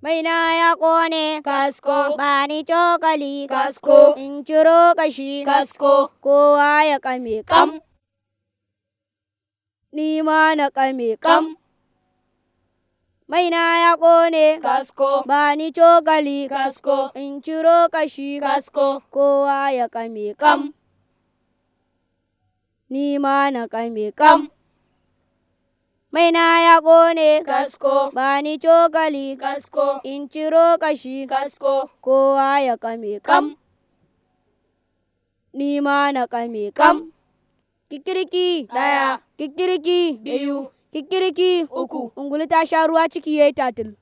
Maina ya kone. kasko, bani cokali, kasko, in ciro kashi, kasko, kowa ya kame kam. ni ma na ƙame ƙam. Maina ya kone. kasko, bani cokali, kasko, in ciro kashi, kasko, kowa ya kame kam. ni ma na ƙame ƙam. Maina ya ƙone kasko, bani cokali kasko, in ciro kashi kasko, kowa ya kame kam, ni ma na kame kam. Kikiriki daya kikiriki biyu, kikiriki uku, ungulu ta sha ruwa ciki ya yi tatil.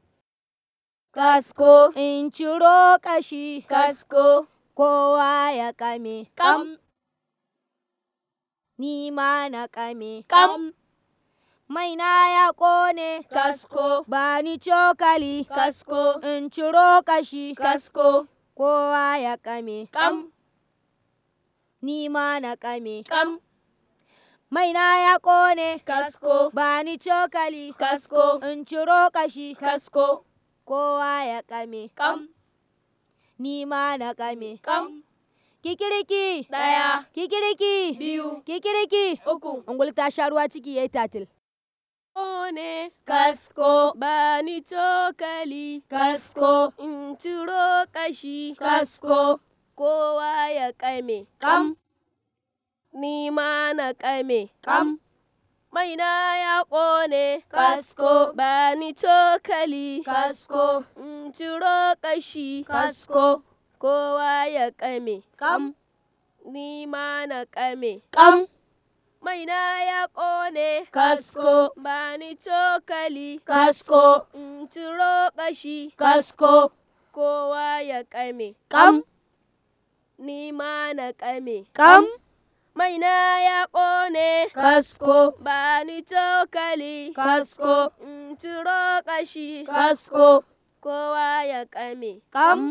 Kasko, in ciro kashi kasko, kowa ya kame kam, ni ma na kame kam. maina ya ƙone kasko bani cokali kasko in ciro kashi kasko kowa ya kame kam ni ma na kame kam maina ya ƙone kasko bani cokali kasko in ciro kashi kasko kowa ya kame kam ni ma na kame kam kikiriki ɗaya. kikiriki biyu kikiriki uku ungul sha ruwa ciki yayi tatil ne kasko bani cokali kasko in ciro kashi kasko kowa ya kame kam ni ma na kame kam maina ya kone kasko bani cokali kasko in ciro kashi kasko kowa ya kame kam ni ma na kame kam maina ya ƙone kasko bani cokali kasko in ciro ƙashi kasko kowa ya ƙame kam ni ma na ƙame kam maina ya ƙone kasko bani cokali kasko in ciro ƙashi kasko kowa ya ƙame kam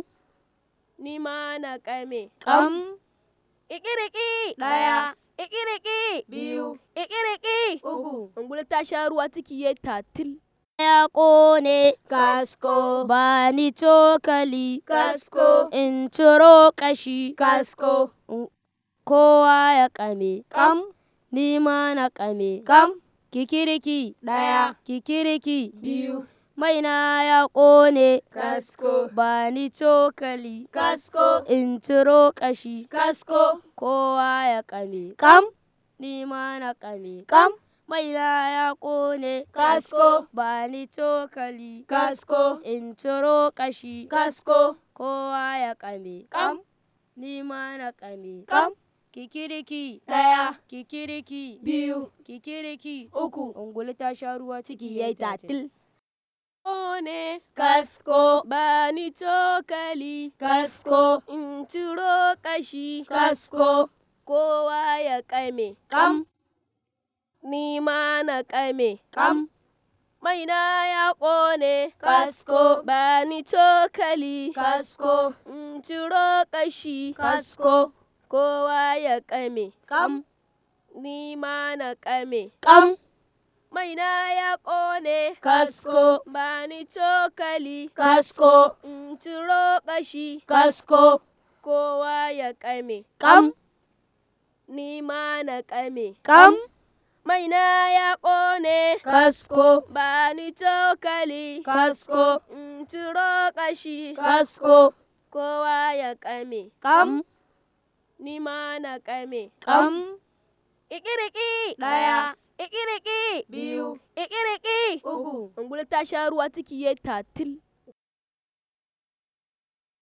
ni ma na ƙame kam ikiriki ɗaya Ikiriki. Biyu. Ikiriki. Ugu! Ungulu ta sha ruwa ciki ya tatil. ya ƙone kasko ba ni cokali kasko in ciro kashi kasko kowa ya kame kam ni ma na kame kam kikiriki ɗaya kikiriki biyu maina ya ƙone. Kasko. ba ni cokali. Kasko. In ciro ƙashi. Kasko. Kowa ya ƙame. Kam. Ni ma na ƙame. Kam. maina ya ƙone. Kasko. ba ni cokali. Kasko. In ciro ƙashi. Kasko. Kowa ya ƙame. Kam. Ni ma na ƙame. Kam. kikiriki ɗaya kikiriki biyu kikiriki uku ungulu ta sha ruwa ciki ya yi tatil one kasko bani cokali kasko in ciro kashi kasko kowa ya kame kam ni ma na kame kam maina ya kone kasko bani cokali kasko in ciro kashi kasko kowa ya kame kam ni ma na kame kam maina ya ƙone kasko Ba ni cokali kasko in ciro ƙashi kasko kowa ya ƙame kam ni ma na ƙame kam maina ya ƙone kasko Ba ni cokali kasko in ciro ƙashi kasko kowa ya ƙame kam ni ma na ƙame kam ikiriki ɗaya ikiriki biyu ƙiƙiriƙi uku ungulu ta sha ruwa ciki ya tatil